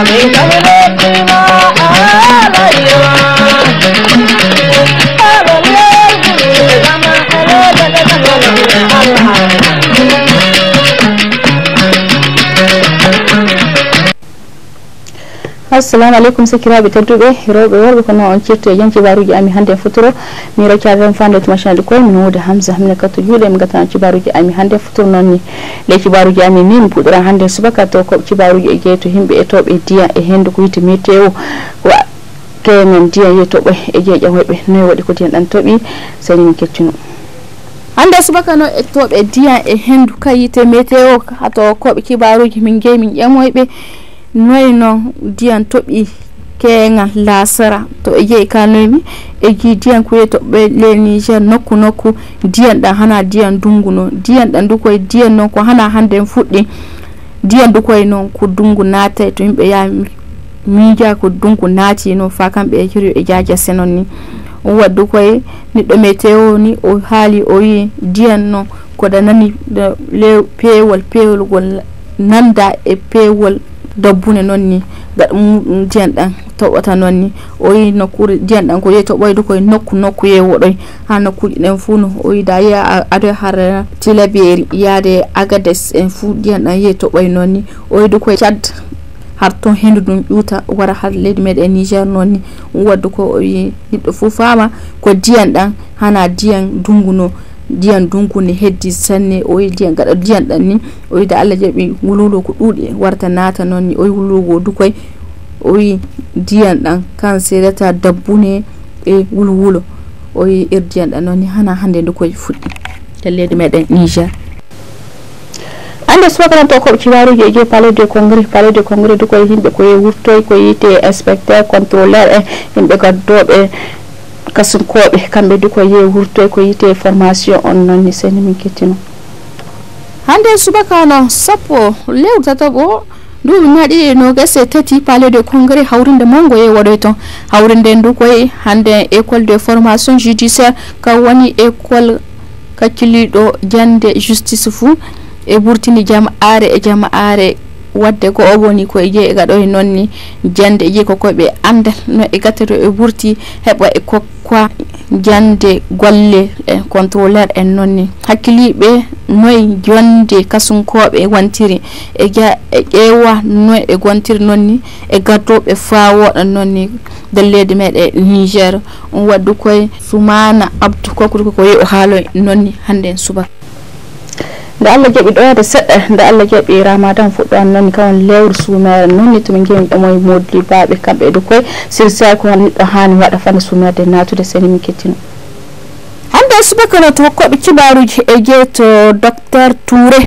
Amém. Então, assalamu aleykum sikiraɓe tedduɓe rewɓe worɓe kono on certi e jom cibaruji ami hannde fotoro mi rocaven fande tumachin ali koye min wuude hamsa mine katto juuɗe mi gatana cibaruji ami hannde fotoro noonni le cibaruji ami ni mi puɗora hannde subaka to koɓe cibaruji e jeeyto himɓe e toɓe diya e henndu ko yite météo wa kemen diya yeytoɓe e jeeƴan weɓe noyi waɗi ko diyan ɗan toɓi sani min kettino hannde subakano e toɓe diya e henndu kayite météo hato koɓe cibaruji min jeeyi min ƴamoyɓe noy noon ndiyan toɓi keeŋa laasara to e jeeyi kanoymi e jii ndiyan kuye toɓɓe le niger nokku nokku ndiyan ɗan hana ndiyan ndunngu noon ndiyan ɗan du koye ndiyan noon ko hana hannde fuɗɗi ndiyan du koye noon ko ndunngu naatay to yimɓe yaami miija ko ndunngu naati noon fa kamɓe e hiryo e jaaja se noon ni o waddu koye neɗɗo météo ni o haali o wii ndiyan noon koɗa nani le pewol pewol gol nanda e pewol dobbune noon ni gaɗa ndiyan ɗan toɓata noon ni o yi nokkure ndiyan ɗan ko yehi toɓoyde koye nokku nokku yewoɗoy ha nokkuji ɗen fuu no o yi da yeha ado har tilabiri yaade agades en fuu ndiyan ɗan yehi toɓoy noon ni o yide koye cad har ton hendu ɗum ƴuuta wara har leydi meɗen niger noon ni waddu ko o yi yiɗɗo fuu fama ko ndiyan ɗan hana ndiyan dunguno ndiyan dunku ne heddi sanne o wi ndiyan gaɗa ndiyan ɗan ni o wiide allah jaɓi wululo ko ɗuuɗi warta naata noon ni o wi wululogo dukoy o wi ndiyan ɗan kan seedata dabbune e wulwulo o wi ir er ndiyan ɗan noon ni hana hannde ndukoy fuɗɗi telleede meɗen niger ande sobagaran to koɓe kiwarije e joyi palais de congrès palais de congrès dukoy yimɓe koye wurtoy ko yiite inspecteur contrôleur e yimɓe gaddoɓe kasunkoɓe kamɓe du ko yewurto ko yite formation on nonni seni min kettino hande subakano sappo lewru tataɓo nduɓi maɗi nogase tati palede congrès hawrinde mango ye waɗoy ton hawrinde ndu koye hande école de formation judiciaire ka woni école kakkiliɗo jande justice fou e ɓurtini jam are e jam are wadde ko o woni koye jeeyi e gaɗo e noon ni jande e jeeyi kokoye ɓe andal no e gatteto e ɓurti heɓa e kokkoa jande golle e controleur en noon ni hakkiliɓe noyi jonde kasunkoɓe wontiri e ja e, e ƴeewa noyi e gontiri noon ni e gaddoɓe fawoɗa noon ni dallede meɗe e niger on waddu koye sumana abdou kokkude koko yeeɓo haaloy noon ni hande en subaka nde allah jaɓi ɗoyade seɗɗa nde allah jaɓi ramadan fuɗɗoan noonni kawon lewru sumere noonni tomin gemi ɗomoye modli baɓe kamɓe ɗo koye sirsaki wan neɗɗo hani waɗa fande sumerde natude seni min kettino eyi subaka no to hokkoɓe kibaruji e jeeto docteur touré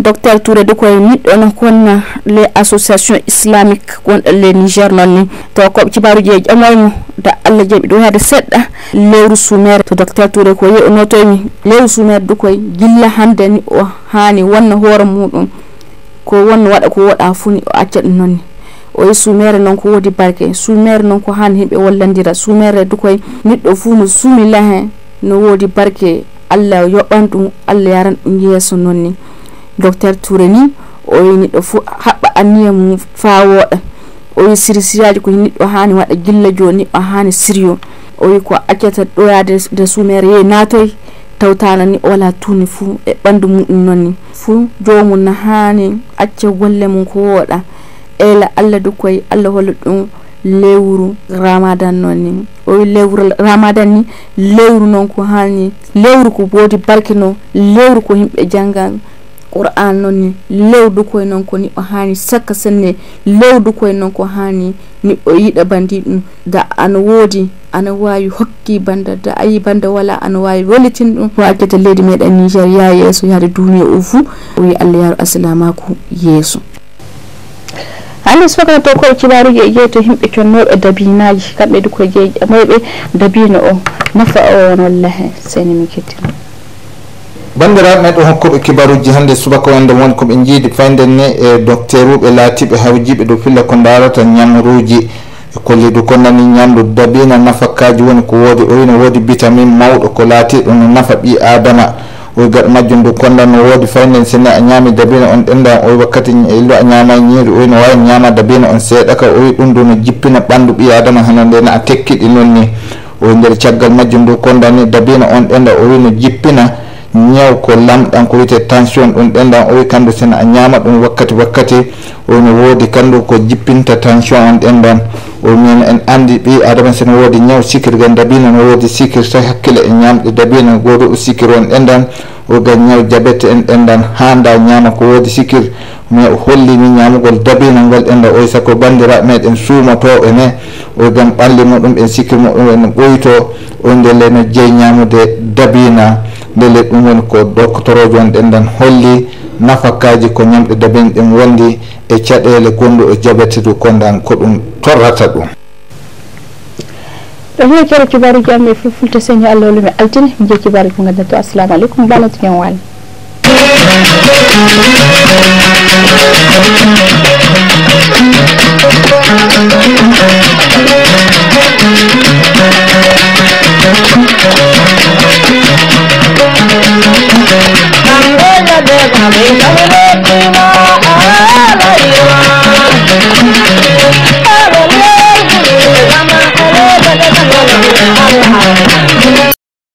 docteur touré de koye miɗɗon kon les association islamique gonɗo les niger noonni to hokkoɓe kibaruji e jamoymo da allah jaɓi ɗo hade seɗɗa lewru sumaire to docteur touré ko yi onotoymi lewru sumaire de koye jilla hande ni o hani wonna hoore muɗum ko wonno waɗa ko woɗa funi o acca ɗum noonni o yi sumaire noon ko wodi barke sumaire noon ko hani heɓe wallandira sumaire de koye neɗɗo fuu no sumi lahen no wodi barke allah yoɓan ɗum allah yaran ɗum yeeso noonni docteur toure ni o wi neɗɗo fo haɓɓa anniya mum fa wooɗa o wi sirsiyaji ko neɗɗo hani waɗa gilla jo neɗɗo hani sirio o wi ko accata ɗoyade de sumere yehi natoy tawtana ni o wala tuni fuu e ɓandu muɗum noonni fuu jomum no hani acca golle mum ko wooɗa eyla allah dukkoye allah holla ɗum lewru ramadan noon ni o wi lewru ramadan ni lewru noon ko hanni lewru ko woodi barke noon lewru ko yimɓe jangga qur'an noon ni lewdu koye noon ko ni o hani sakka senne lewdu koye noon ko hani ni o yiɗa bandi ɗum da ana woodi ana wawi hokki banda da ayi banda wala ana wawi wallitin ɗum wajjata leydi meɗen niger ya yeeso yaade duniya o fuu o wi allah yaaru asilamaku yeeso hande sogana to koye kibaruji e ƴeeto yimɓe connoɓe dabinaji kamɓe du koye jeeymoyɓe dabino o nafa o wonallahe seni min kettino bandiraɓe meɗo hokkuɓe kibaruji hande subaka wonde woni koɓe jiidi fayden ni e docteruɓe laatiɓe hawjiɓe ɗo filla ko darata ñamruji kollidu ko nani ñamdu dabina nafakkaji woni ko woodi o wino woodi bitamine mawɗo ko laatiɗo no nafa ɓi adama oy gaɗa majjum ndu kondan no woodi fayden sinna a ñaami dabina on ɗendan oy wakkati illu e a ñaama ñiiri oy no wawi ñaama dabina on seeɗa ka oy ɗum ndu no jippina ɓanndu ɓi adama hano ndena a tekkiɗi noon ni oy nder caggal majjum ndu kondan ni dabina on ɗenda o wi no jippina ñew ko lamɗan ko wiyete tension ɗum ɗendan o wi kandu sinna a ñaama ɗum wakkati wakkati oy no woodi kandu ko jippinta tension on ɗendan o min en andi ɓi adama sene woodi ñaw sikirgan dabina no woodi sikir tawi hakkille e ñamɗe dabina goto o sikir on ɗendan o gan ñaw jabete en ɗendan hannda ñama ko woodi sikir mais o hollimi ñamugol dabina ngal ɗenda o sakko bandira meɗen suumatoɓe ne o gan ɓalli muɗum e en sikir muɗum en ɓoyto on ndele no jeyi ñamude dabina ndele ɗum woni ko doctoreojo on ɗendan holli nafakaji ko ñamɗe dabin ɗin wondi e caɗele gonɗo e jaɓetedu kondan ko ɗum torrata ɗum ɗo hie kere kibaru jamɓe fo e fulta seni allah olumi altine mi jee kibaru ko gandanto assalamu aleykum banatu ñam waali Amén.